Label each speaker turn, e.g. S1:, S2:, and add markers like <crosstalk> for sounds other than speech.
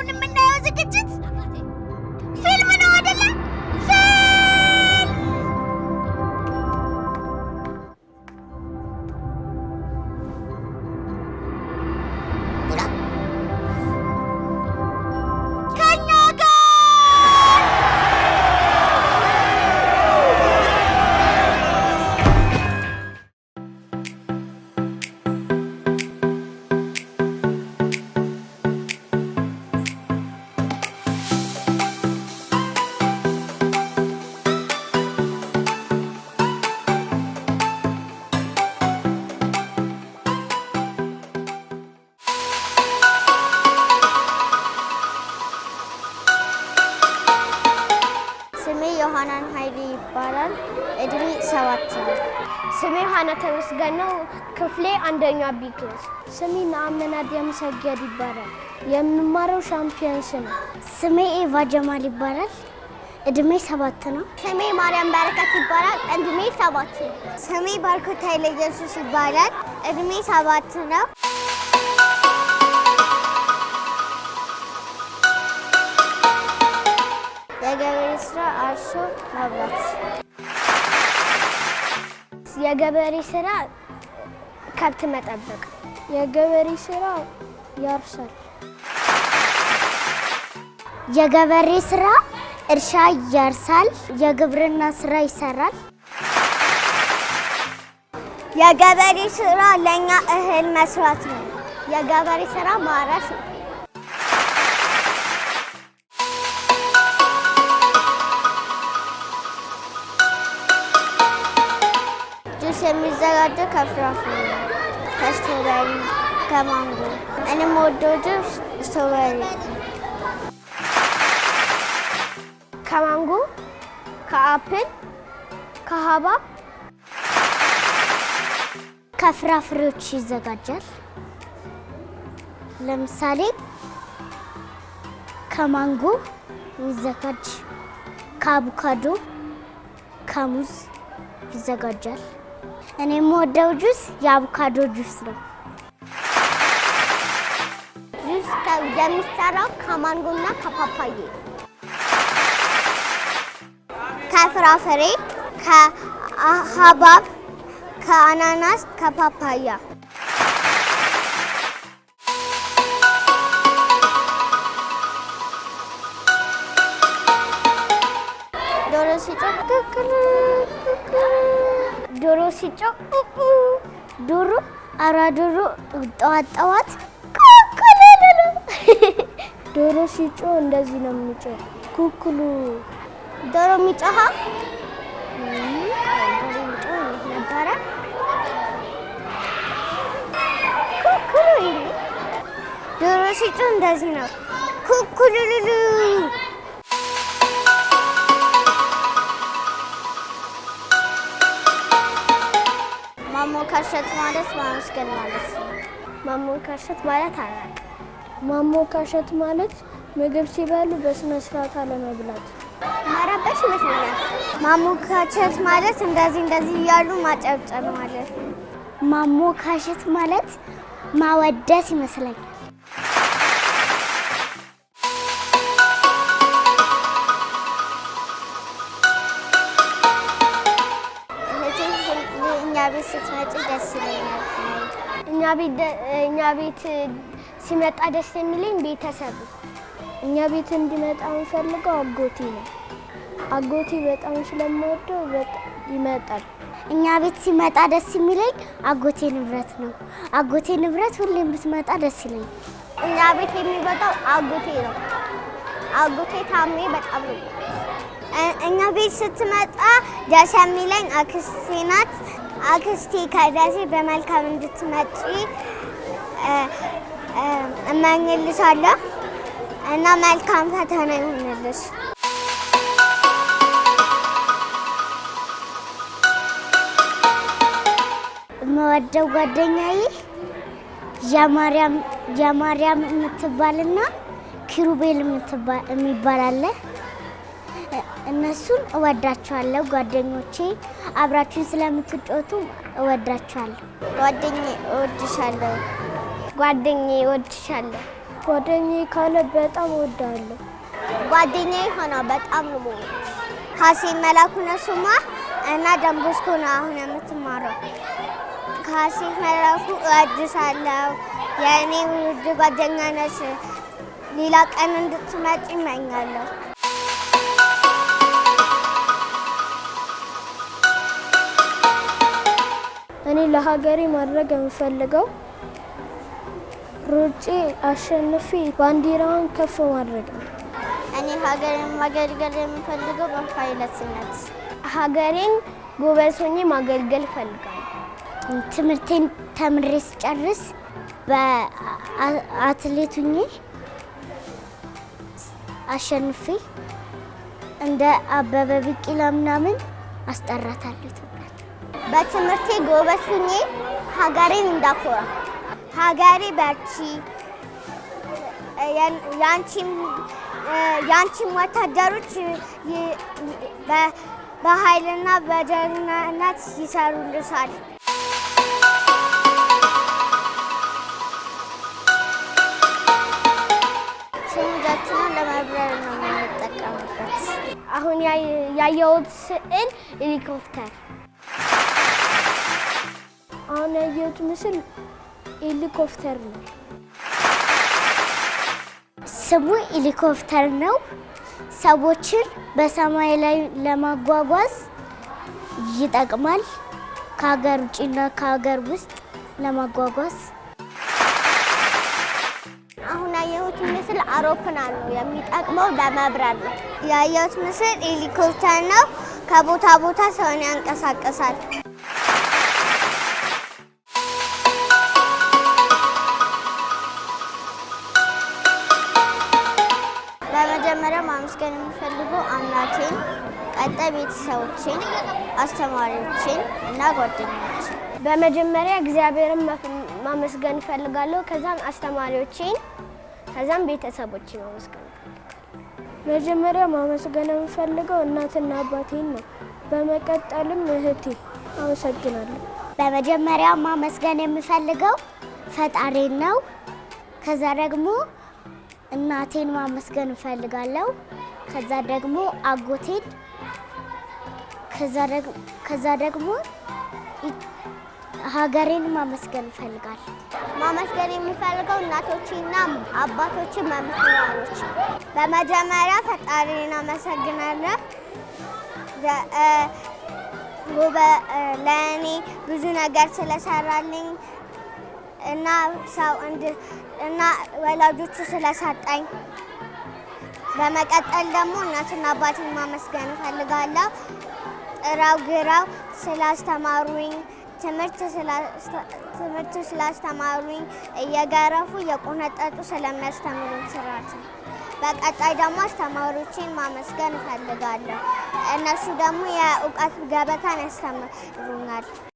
S1: አሁን የምናየው ዝግጅት
S2: ዮሐናን ኃይሌ ይባላል። እድሜ ሰባት ነው።
S3: ስሜ ዮሐና ተመስገን ነው። ክፍሌ አንደኛ ቢ ክላስ።
S4: ስሜ ናአመናድ የምሰገድ ይባላል። የምማረው ሻምፒየንስ ነው።
S5: ስሜ ኤቫ ጀማል ይባላል። እድሜ ሰባት ነው።
S6: ስሜ ማርያም በረከት ይባላል። እድሜ ሰባት ነው።
S7: ስሜ ባርኮት ኃይለ ኢየሱስ ይባላል። እድሜ ሰባት ነው።
S8: የገበሬ ስራ አርሶ መብላት።
S9: የገበሬ ስራ ከብት መጠበቅ።
S10: የገበሬ ስራ ያርሳል።
S11: የገበሬ ስራ እርሻ ያርሳል። የግብርና ስራ ይሰራል።
S12: የገበሬ ስራ ለእኛ እህል መስራት ነው።
S13: የገበሬ ስራ ማረስ ነው።
S14: የሚዘጋጀው ከፍራፍሬ ነው፣ ከስትሮበሪ፣ ከማንጎ እኔም ወደው ጅብስ ስትሮበሪ
S15: ከማንጎ ከአፕል ከሀባብ
S16: ከፍራፍሬዎች ይዘጋጃል። ለምሳሌ ከማንጎ ይዘጋጅ፣ ከአቮካዶ፣ ከሙዝ ይዘጋጃል። እኔ የምወደው ጁስ የአቮካዶ ጁስ ነው።
S17: ጁስ የሚሰራው ከማንጎና ከፓፓዬ፣
S18: ከፍራፍሬ፣ ከሀባብ፣ ከአናናስ፣ ከፓፓያ
S19: ዶሮ ሲጮህ ሲጮህ ዶሮ አራ ዶሮ ጠዋት ጠዋት ኮኮለሎ <laughs>
S20: ዶሮ ሲጮህ እንደዚህ ነው የሚጮህ። ኩኩሉ
S19: ዶሮ የሚጮኸው ነበረ ኩኩሉ ዶሮ ሲጮህ እንደዚህ ነው ኩኩሉሉሉ
S21: ማሞካሸት ማለት ማመስገን ማለት ነው።
S22: ማሞካሸት ማለት አላቅ
S23: ማሞካሸት ማለት ምግብ ሲበሉ በስነ ስርዓት አለመብላት።
S24: ማረበሽ ይመስለኛል።
S25: ማሞካሸት ማለት እንደዚህ እንደዚህ እያሉ ማጨብጨብ ማለት ነው።
S26: ማሞካሸት ማለት ማወደስ ይመስለኛል።
S27: ስትመጪ ደስ ይለኛል።
S28: እኛ ቤት ሲመጣ ደስ የሚለኝ ቤተሰብ እኛ ቤት እንዲመጣ የምፈልገው አጎቴ ነው። አጎቴ በጣም ስለምወደው ይመጣል።
S29: እኛ ቤት ሲመጣ ደስ የሚለኝ አጎቴ ንብረት ነው። አጎቴ ንብረት ሁሌም ብትመጣ ደስ ይለኝ።
S30: እኛ ቤት የሚመጣው አጎቴ ነው። አጎቴ ታሜ በጣም ነው።
S31: እኛ ቤት ስትመጣ ደስ የሚለኝ አክስቴ ናት። አክስቴ ከደሴ በመልካም እንድትመጪ እመኝልሻለሁ እና መልካም ፈተና ይሆንልሽ።
S32: የምወደው ጓደኛዬ የማርያም የምትባልና ኪሩቤል የሚባል አለ። እነሱን እወዳቸዋለሁ። ጓደኞቼ አብራችሁን ስለምትጫወቱ እወዳቸዋለሁ።
S33: ጓደኛዬ እወድሻለሁ።
S34: ጓደኛዬ እወድሻለሁ።
S35: ጓደኛዬ ካለ በጣም እወዳለሁ።
S36: ጓደኛ ሆና በጣም ነው
S37: ሀሴን መላኩ ነሱማ እና ደንቦስኮ ነው አሁን የምትማረው። ከሀሴን መላኩ እወድሻለሁ። የእኔ ውድ ጓደኛ ነሽ። ሌላ ቀን እንድትመጪ ይመኛለሁ።
S38: እኔ ለሀገሬ ማድረግ የምፈልገው ሩጬ አሸንፌ ባንዲራውን ከፍ ማድረግ ነው።
S39: እኔ ሀገሬን ማገልገል የምፈልገው በፓይለትነት
S40: ሀገሬን ጎበዝ ሆኜ ማገልገል እፈልጋለሁ።
S41: ትምህርቴን ተምሬ ስጨርስ በአትሌት ሆኜ አሸንፌ እንደ አበበ ቢቂላ ምናምን አስጠራታለሁ።
S42: በትምህርቴ ጎበዝ ሁኜ ሀገሬን እንዳኮራ ሀገሬ በርቺ፣ የአንቺም ወታደሮች በኃይልና በጀግናነት ይሰሩልሻል።
S43: ስሙጃችንን ለመብረር ነው የምንጠቀምበት።
S44: አሁን ያየሁት ስዕል ሄሊኮፕተር
S45: አሁን ያየሁት ምስል ሄሊኮፕተር ነው።
S46: ስሙ ሄሊኮፕተር ነው። ሰዎችን በሰማይ ላይ ለማጓጓዝ ይጠቅማል። ከሀገር ውጭና ከሀገር ውስጥ ለማጓጓዝ
S47: አሁን ያየሁት ምስል አውሮፕላን ነው። የሚጠቅመው ለመብረር ነው።
S48: ያየሁት ምስል ሄሊኮፕተር ነው። ከቦታ ቦታ ሰውን ያንቀሳቀሳል።
S49: በመጀመሪያ ማመስገን የምፈልገው አምላኬን፣ ቀጣይ ቤተሰቦችን፣ አስተማሪዎችን እና ጓደኞችን።
S50: በመጀመሪያ እግዚአብሔርን ማመስገን እፈልጋለሁ። ከዛም አስተማሪዎችን፣ ከዛም ቤተሰቦችን ማመስገን እፈልጋለሁ።
S51: መጀመሪያ ማመስገን የምፈልገው እናትና አባቴን ነው። በመቀጠልም እህቴ አመሰግናለሁ።
S52: በመጀመሪያ ማመስገን የምፈልገው ፈጣሪን ነው። ከዛ ደግሞ እናቴን ማመስገን እፈልጋለሁ። ከዛ ደግሞ አጎቴን፣ ከዛ ደግሞ ሀገሬን ማመስገን እፈልጋለሁ።
S53: ማመስገን የሚፈልገው እናቶችና አባቶችን መምህራኖች።
S54: በመጀመሪያ ፈጣሪን አመሰግናለሁ። ለእኔ ብዙ ነገር ስለሰራልኝ እና ሰው እና ወላጆቹ ስለሰጠኝ
S55: በመቀጠል ደግሞ እናትና አባቴን ማመስገን እፈልጋለሁ። ጥራው ግራው ስላስተማሩኝ ትምህርት ስላስተማሩኝ እየገረፉ እየቆነጠጡ ስለሚያስተምሩኝ ስርዓት ነው። በቀጣይ ደግሞ አስተማሪዎችን ማመስገን እፈልጋለሁ። እነሱ ደግሞ የእውቀት ገበታን ያስተምሩኛል።